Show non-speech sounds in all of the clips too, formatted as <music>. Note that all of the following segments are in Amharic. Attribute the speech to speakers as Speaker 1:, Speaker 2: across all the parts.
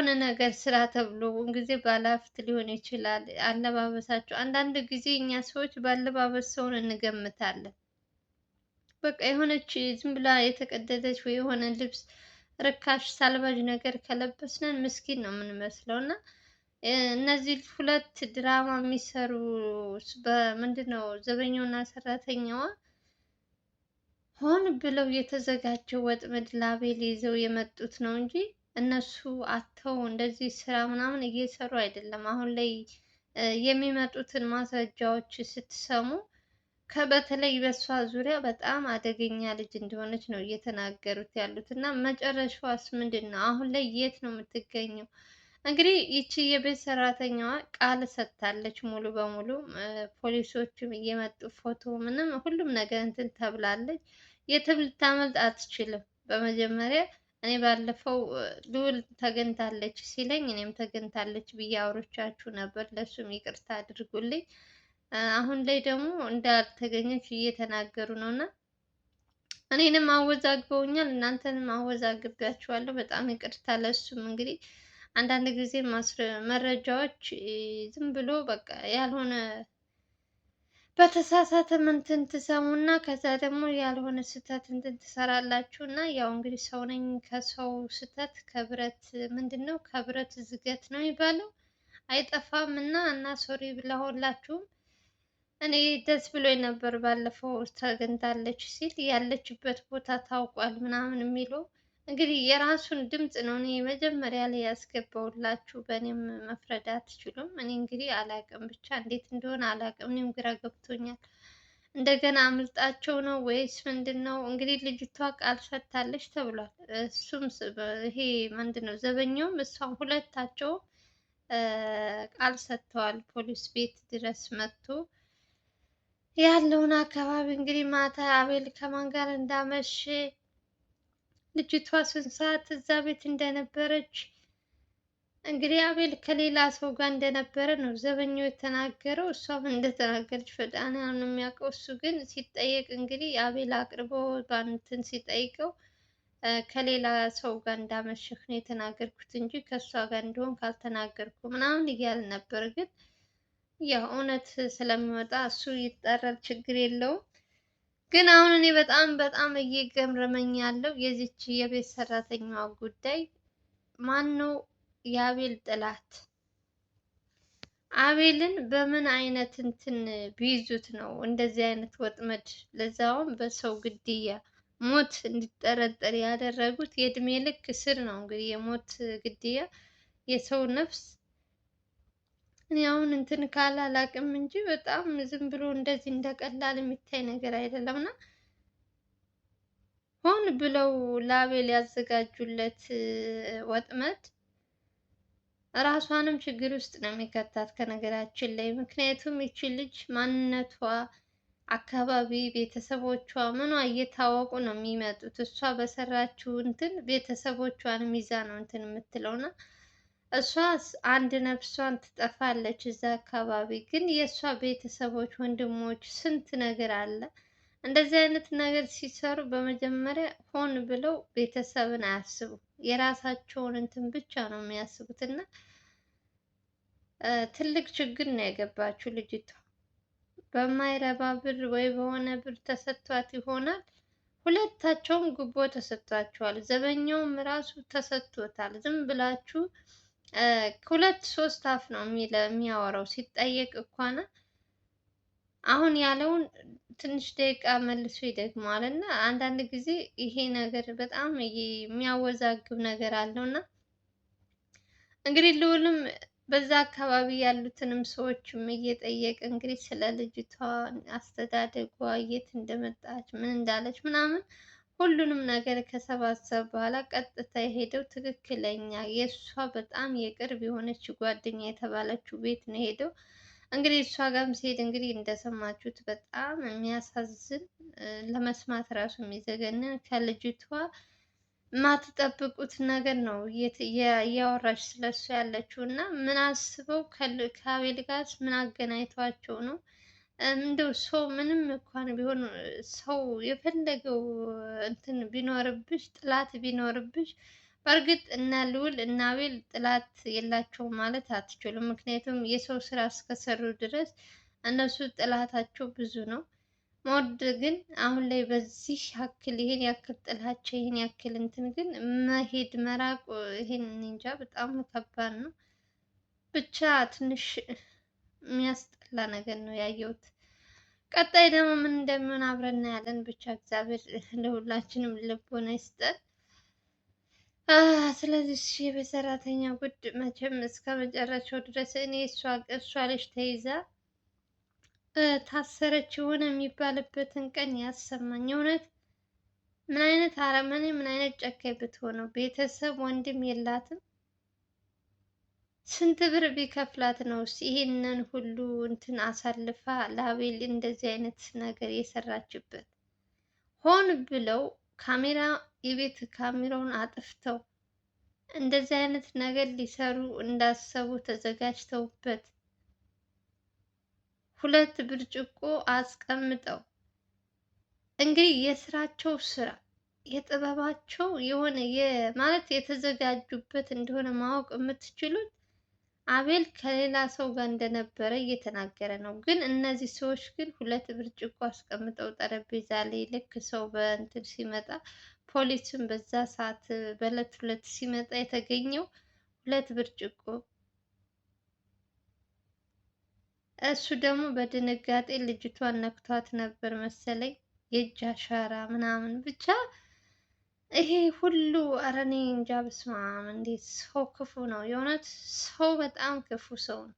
Speaker 1: የሆነ ነገር ስራ ተብሎ ጊዜ ባለሀብት ሊሆን ይችላል አለባበሳቸው። አንዳንድ ጊዜ እኛ ሰዎች ባለባበስ ሰውን እንገምታለን። በቃ የሆነች ዝም ብላ የተቀደደች ወይ የሆነ ልብስ ርካሽ ሳልባጅ ነገር ከለበስነን ምስኪን ነው የምንመስለው። እና እነዚህ ሁለት ድራማ የሚሰሩ በምንድነው ዘበኛውና ሰራተኛዋ ሆን ብለው የተዘጋጀው ወጥመድ ላቤል ይዘው የመጡት ነው እንጂ እነሱ አተው እንደዚህ ስራ ምናምን እየሰሩ አይደለም። አሁን ላይ የሚመጡትን ማስረጃዎች ስትሰሙ ከበተለይ በሷ ዙሪያ በጣም አደገኛ ልጅ እንደሆነች ነው እየተናገሩት ያሉት። እና መጨረሻዋስ ምንድን ነው? አሁን ላይ የት ነው የምትገኘው? እንግዲህ ይቺ የቤት ሰራተኛዋ ቃል ሰጥታለች ሙሉ በሙሉ ፖሊሶችም እየመጡ ፎቶ ምንም ሁሉም ነገር እንትን ተብላለች። የትም ልታመልጥ አትችልም። በመጀመሪያ እኔ ባለፈው ልዑል ተገኝታለች ሲለኝ እኔም ተገኝታለች ብዬ አውርቻችሁ ነበር። ለእሱም ይቅርታ አድርጉልኝ። አሁን ላይ ደግሞ እንዳልተገኘች እየተናገሩ ነው እና እኔንም አወዛግበውኛል፣ እናንተንም አወዛግቢያችኋለሁ። በጣም ይቅርታ ለእሱም እንግዲህ አንዳንድ ጊዜ መረጃዎች ዝም ብሎ በቃ ያልሆነ በተሳሳተ ምንትን ትሰሙና ከዛ ደግሞ ያልሆነ ስህተት እንትን ትሰራላችሁ እና ያው እንግዲህ ሰው ነኝ ከሰው ስህተት ከብረት ምንድን ነው ከብረት ዝገት ነው የሚባለው አይጠፋም። እና እና ሶሪ ለሁላችሁም። እኔ ደስ ብሎኝ ነበር ባለፈው ተገንታለች ሲል ያለችበት ቦታ ታውቋል ምናምን የሚለው እንግዲህ የራሱን ድምፅ ነው። እኔ መጀመሪያ ላይ ያስገባውላችሁ በእኔም መፍረድ አትችሉም። እኔ እንግዲህ አላቅም፣ ብቻ እንዴት እንደሆነ አላቅም። እኔም ግራ ገብቶኛል። እንደገና አምልጣቸው ነው ወይስ ምንድን ነው? እንግዲህ ልጅቷ ቃል ሰጥታለች ተብሏል። እሱም ይሄ ምንድን ነው ዘበኛውም እሷም ሁለታቸውም ቃል ሰጥተዋል። ፖሊስ ቤት ድረስ መጥቶ ያለውን አካባቢ እንግዲህ ማታ አቤል ከማን ጋር እንዳመሸ ልጅቷ ስንት ሰዓት እዛ ቤት እንደነበረች እንግዲህ አቤል ከሌላ ሰው ጋር እንደነበረ ነው ዘበኛው የተናገረው። እሷም እንደተናገረች ፈጣን ነው የሚያውቀው እሱ ግን ሲጠየቅ እንግዲህ አቤል አቅርቦ እንትን ሲጠይቀው ከሌላ ሰው ጋር እንዳመሸህ ነው የተናገርኩት እንጂ ከእሷ ጋር እንዲሆን ካልተናገርኩ ምናምን እያል ነበር። ግን ያው እውነት ስለሚወጣ እሱ ይጠራል፣ ችግር የለውም። ግን አሁን እኔ በጣም በጣም እየገረመኝ ያለው የዚች የቤት ሰራተኛ ጉዳይ ነው የአቤል ጥላት? አቤልን በምን አይነት እንትን ቢይዙት ነው እንደዚህ አይነት ወጥመድ ለዛውም በሰው ግድያ ሞት እንዲጠረጠር ያደረጉት? የእድሜ ልክ እስር ነው እንግዲህ የሞት ግድያ የሰው ነፍስ እኔ አሁን እንትን ካላላቅም እንጂ በጣም ዝም ብሎ እንደዚህ እንደቀላል የሚታይ ነገር አይደለም እና ሆን ብለው ላቤል ያዘጋጁለት ወጥመድ ራሷንም ችግር ውስጥ ነው የሚከታት ከነገራችን ላይ። ምክንያቱም ይቺ ልጅ ማንነቷ፣ አካባቢ፣ ቤተሰቦቿ ምኗ እየታወቁ ነው የሚመጡት። እሷ በሰራችው እንትን ቤተሰቦቿን ይዛ ነው እንትን የምትለውና እሷ አንድ ነፍሷን ትጠፋለች እዛ አካባቢ። ግን የእሷ ቤተሰቦች፣ ወንድሞች ስንት ነገር አለ። እንደዚህ አይነት ነገር ሲሰሩ በመጀመሪያ ሆን ብለው ቤተሰብን አያስቡ። የራሳቸውን እንትን ብቻ ነው የሚያስቡት እና ትልቅ ችግር ነው የገባችው ልጅቷ። በማይረባ ብር ወይ በሆነ ብር ተሰጥቷት ይሆናል። ሁለታቸውም ጉቦ ተሰጥቷቸዋል። ዘበኛውም ራሱ ተሰጥቶታል። ዝም ብላችሁ ሁለት ሶስት አፍ ነው የሚያወራው። ሲጠየቅ እኳና አሁን ያለውን ትንሽ ደቂቃ መልሶ ይደግመዋል እና አንዳንድ ጊዜ ይሄ ነገር በጣም የሚያወዛግብ ነገር አለው እና እንግዲህ ልውልም በዛ አካባቢ ያሉትንም ሰዎችም እየጠየቀ እንግዲህ ስለ ልጅቷ አስተዳደጓ፣ የት እንደመጣች፣ ምን እንዳለች ምናምን ሁሉንም ነገር ከሰባሰብ በኋላ ቀጥታ የሄደው ትክክለኛ የእሷ በጣም የቅርብ የሆነች ጓደኛ የተባለችው ቤት ነው የሄደው። እንግዲህ እሷ ጋርም ሲሄድ እንግዲህ እንደሰማችሁት በጣም የሚያሳዝን ለመስማት ራሱ የሚዘገንን ከልጅቷ የማትጠብቁት ነገር ነው እያወራች ስለሱ ያለችው እና ምን አስበው ከአቤል ጋር ምን አገናኝቷቸው ነው? እንደው ሰው ምንም እንኳን ቢሆን ሰው የፈለገው እንትን ቢኖርብሽ ጥላት ቢኖርብሽ፣ በእርግጥ እና ልዑል እና አቤል ጥላት የላቸው ማለት አትችሉም። ምክንያቱም የሰው ስራ እስከሰሩ ድረስ እነሱ ጥላታቸው ብዙ ነው። መውድ ግን አሁን ላይ በዚህ ያክል ይሄን ያክል ጥላቸው ይሄን ያክል እንትን ግን መሄድ መራቁ ይሄን እንጃ በጣም ከባድ ነው። ብቻ ትንሽ የሚያስጠላ ነገር ነው ያየሁት። ቀጣይ ደግሞ ምን እንደሚሆን አብረን እናያለን። ብቻ እግዚአብሔር ለሁላችንም ልቦና ይስጠን። ስለዚህ ሺህ በሰራተኛ ጉድ መቼም እስከ መጨረሻው ድረስ እኔ እሷ ልጅ ተይዛ ታሰረች የሆነ የሚባልበትን ቀን ያሰማኝ። እውነት ምን አይነት አረመኔ ምን አይነት ጨካኝ ብትሆነው፣ ቤተሰብ ወንድም የላትም ስንት ብር ቢከፍላት ነው ይህንን ሁሉ እንትን አሳልፋ ለአቤል እንደዚህ አይነት ነገር የሰራችበት? ሆን ብለው ካሜራ የቤት ካሜራውን አጥፍተው እንደዚህ አይነት ነገር ሊሰሩ እንዳሰቡ ተዘጋጅተውበት ሁለት ብርጭቆ አስቀምጠው እንግዲህ የስራቸው ስራ የጥበባቸው የሆነ ማለት የተዘጋጁበት እንደሆነ ማወቅ የምትችሉት አቤል ከሌላ ሰው ጋር እንደነበረ እየተናገረ ነው። ግን እነዚህ ሰዎች ግን ሁለት ብርጭቆ አስቀምጠው ጠረጴዛ ላይ ልክ ሰው በእንትን ሲመጣ ፖሊስም በዛ ሰዓት በእለት ሁለት ሲመጣ የተገኘው ሁለት ብርጭቆ እሱ ደግሞ በድንጋጤ ልጅቷን ነክቷት ነበር መሰለኝ የእጅ አሻራ ምናምን ብቻ ይሄ ሁሉ ኧረ እኔ እንጃ በስመ አብ እንዴት ሰው ክፉ ነው! የእውነት ሰው በጣም ክፉ ሰው ነው።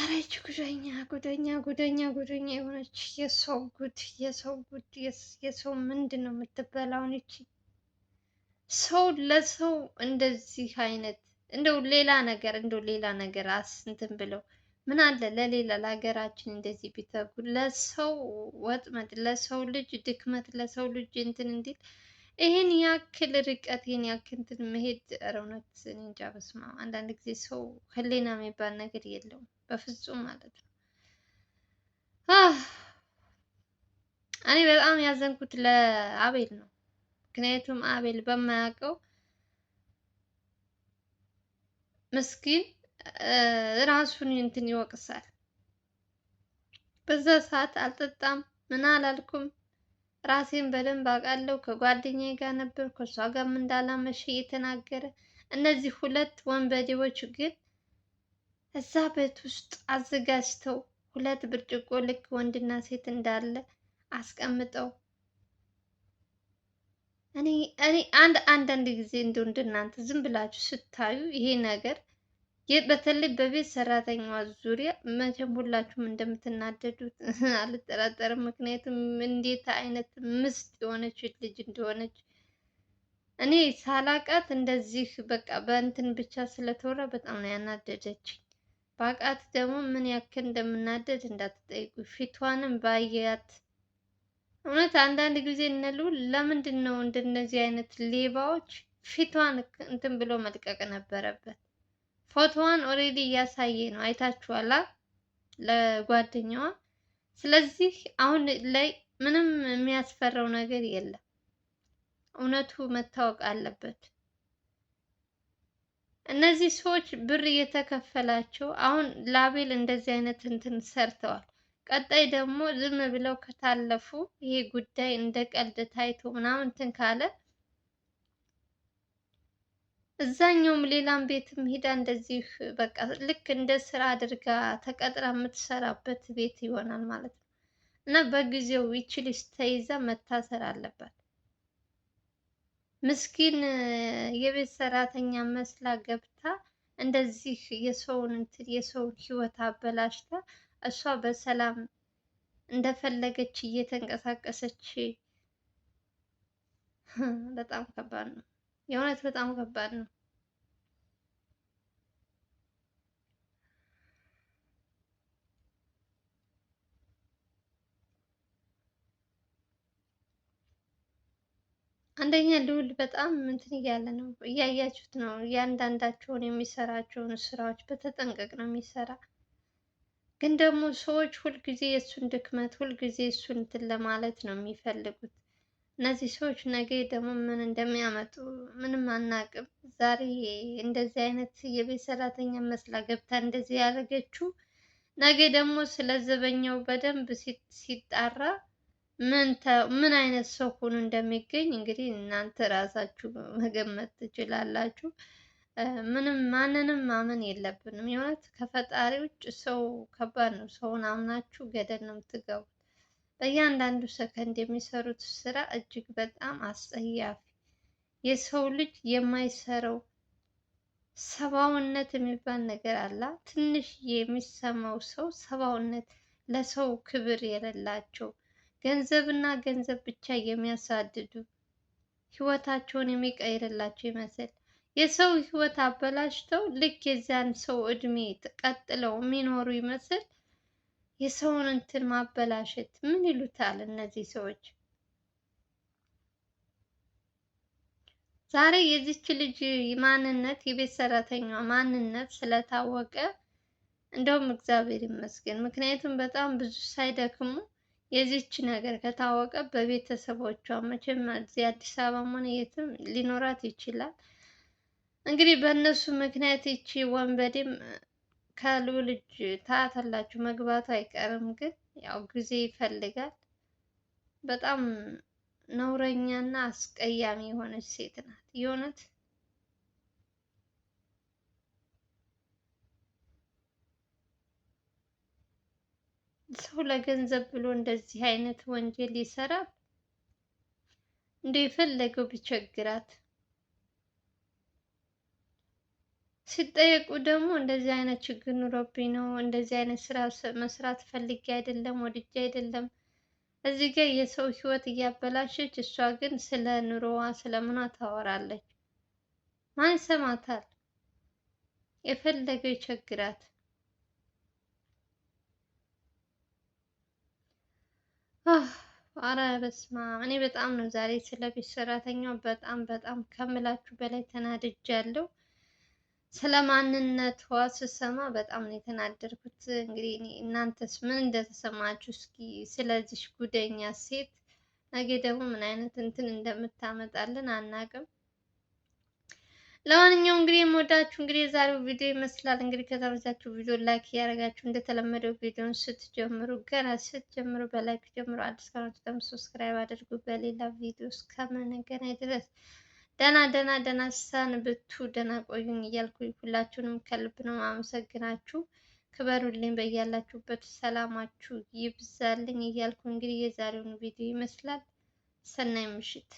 Speaker 1: ኧረ ይች ጉደኛ ጉደኛ ጉደኛ ጉደኛ የሆነች የሰው ጉድ የሰው ጉድ የሰው ምንድን ነው የምትበላውን ይቺ ሰው ለሰው እንደዚህ አይነት እንደው ሌላ ነገር እንደው ሌላ ነገር አስ እንትን ብለው ምን አለ ለሌላ ለሀገራችን እንደዚህ ቢተጉ ለሰው ወጥመድ፣ ለሰው ልጅ ድክመት፣ ለሰው ልጅ እንትን እንዲል ይህን ያክል ርቀት ይህን ያክል እንትን መሄድ ኧረ እውነት እኔ እንጃ። በስመ አብ አንዳንድ ጊዜ ሰው ህሌና የሚባል ነገር የለውም በፍጹም ማለት ነው። እኔ በጣም ያዘንኩት ለአቤል ነው። ምክንያቱም አቤል በማያውቀው ምስኪን ራሱን እንትን ይወቅሳል። በዛ ሰዓት አልጠጣም ምን አላልኩም፣ ራሴን በደንብ አውቃለሁ፣ ከጓደኛዬ ጋር ነበር፣ ከእሷ ጋርም እንዳላመሸ እየተናገረ እነዚህ ሁለት ወንበዴዎች ግን እዛ ቤት ውስጥ አዘጋጅተው ሁለት ብርጭቆ ልክ ወንድና ሴት እንዳለ አስቀምጠው እኔ እኔ አንድ አንዳንድ ጊዜ እንደው እንደናንተ ዝም ብላችሁ ስታዩ ይሄ ነገር በተለይ በቤት ሰራተኛዋ ዙሪያ መቼም ሁላችሁም እንደምትናደዱት <laughs> አልጠራጠርም። ምክንያቱም እንዴት አይነት ምስጥ የሆነች ልጅ እንደሆነች እኔ ሳላቃት እንደዚህ በቃ በእንትን ብቻ ስለተወራ በጣም ነው ያናደደችኝ። ባቃት ደግሞ ምን ያክል እንደምናደድ እንዳትጠይቁ። ፊቷንም ባያት እውነት አንዳንድ ጊዜ እንሉ ለምንድን ነው እንደነዚህ አይነት ሌባዎች ፊቷን እንትን ብሎ መልቀቅ ነበረበት። ፎቶዋን ኦሬዲ እያሳየ ነው። አይታችኋላ ለጓደኛዋ። ስለዚህ አሁን ላይ ምንም የሚያስፈራው ነገር የለም። እውነቱ መታወቅ አለበት። እነዚህ ሰዎች ብር እየተከፈላቸው አሁን ላቤል እንደዚህ አይነት እንትን ሰርተዋል። ቀጣይ ደግሞ ዝም ብለው ከታለፉ ይሄ ጉዳይ እንደ ቀልድ ታይቶ ምናምን እንትን ካለ እዛኛውም ሌላም ቤትም ሂዳ እንደዚህ በቃ ልክ እንደ ስራ አድርጋ ተቀጥራ የምትሰራበት ቤት ይሆናል ማለት ነው። እና በጊዜው ይቺ ልጅ ተይዛ መታሰር አለባት። ምስኪን የቤት ሰራተኛ መስላ ገብታ እንደዚህ የሰውን እንትን የሰው ህይወት አበላሽታ እሷ በሰላም እንደፈለገች እየተንቀሳቀሰች በጣም ከባድ ነው። የእውነት በጣም ከባድ ነው። አንደኛ ልውል በጣም እንትን እያለ ነው። እያያችሁት ነው። እያንዳንዳቸውን የሚሰራቸውን ስራዎች በተጠንቀቅ ነው የሚሰራ። ግን ደግሞ ሰዎች ሁልጊዜ የእሱን ድክመት ሁልጊዜ እሱን እንትን ለማለት ነው የሚፈልጉት። እነዚህ ሰዎች ነገ ደግሞ ምን እንደሚያመጡ ምንም አናቅም። ዛሬ እንደዚህ አይነት የቤት ሰራተኛ መስላ ገብታ እንደዚህ ያደረገችው ነገ ደግሞ ስለ ዘበኛው በደንብ ሲጣራ ምን አይነት ሰው ሆኖ እንደሚገኝ እንግዲህ እናንተ ራሳችሁ መገመት ትችላላችሁ። ምንም ማንንም ማመን የለብንም። የእውነት ከፈጣሪ ውጭ ሰው ከባድ ነው። ሰውን አምናችሁ ገደል ነው የምትገቡ። በእያንዳንዱ ሰከንድ የሚሰሩት ስራ እጅግ በጣም አስጸያፊ የሰው ልጅ የማይሰራው ሰብአዊነት የሚባል ነገር አለ። ትንሽ የሚሰማው ሰው ሰብአዊነት ለሰው ክብር የሌላቸው ገንዘብና ገንዘብ ብቻ የሚያሳድዱ ህይወታቸውን የሚቀይርላቸው ይመስል የሰው ህይወት አበላሽተው ልክ የዚያን ሰው እድሜ ቀጥለው የሚኖሩ ይመስል የሰውን እንትን ማበላሸት ምን ይሉታል እነዚህ ሰዎች? ዛሬ የዚች ልጅ ማንነት የቤት ሰራተኛ ማንነት ስለታወቀ እንደውም እግዚአብሔር ይመስገን። ምክንያቱም በጣም ብዙ ሳይደክሙ የዚች ነገር ከታወቀ በቤተሰቦቿ መቼም እዚህ አዲስ አበባ ሆነ የትም ሊኖራት ይችላል። እንግዲህ በእነሱ ምክንያት ይቺ ወንበዴም ከልዑል እጅ ታያታላችሁ መግባቱ አይቀርም፣ ግን ያው ጊዜ ይፈልጋል። በጣም ነውረኛ እና አስቀያሚ የሆነች ሴት ናት የእውነት። ሰው ለገንዘብ ብሎ እንደዚህ አይነት ወንጀል ይሰራል? እንደ የፈለገው ቢቸግራት ሲጠየቁ ደግሞ እንደዚህ አይነት ችግር ኑሮብኝ ነው፣ እንደዚህ አይነት ስራ መስራት ፈልጌ አይደለም፣ ወድጄ አይደለም። እዚህ ጋር የሰው ህይወት እያበላሸች፣ እሷ ግን ስለ ኑሮዋ ስለምኗ ታወራለች። ማን ይሰማታል? የፈለገው ይቸግራት። አረ በስመ አብ! እኔ በጣም ነው ዛሬ ስለ ቤት ሰራተኛው በጣም በጣም ከምላችሁ በላይ ተናድጃለሁ። ስለ ማንነቷ ስሰማ በጣም ነው የተናደድኩት። እንግዲህ እናንተስ ምን እንደተሰማችሁ እስኪ ስለዚህ ጉደኛ ሴት። ነገ ደግሞ ምን አይነት እንትን እንደምታመጣልን አናቅም። ለማንኛውም እንግዲህ የምወዳችሁ እንግዲህ የዛሬው ቪዲዮ ይመስላል። እንግዲህ ከተመቻችሁ ቪዲዮ ላይክ እያደረጋችሁ እንደተለመደው ቪዲዮን ስትጀምሩ ገና ስትጀምሩ በላይክ ጀምሩ። አዲስ ከሆናችሁ ደግሞ ሰብስክራይብ አድርጉ። በሌላ ቪዲዮ እስከምንገናኝ ድረስ ደህና ደህና ደህና ሰንብቱ፣ ደህና ቆዩኝ እያልኩ ሁላችሁንም ከልብ ነው አመሰግናችሁ። ክበሩልኝ፣ በያላችሁበት ሰላማችሁ ይብዛልኝ እያልኩ እንግዲህ የዛሬውን ቪዲዮ ይመስላል። ሰናይ ምሽት።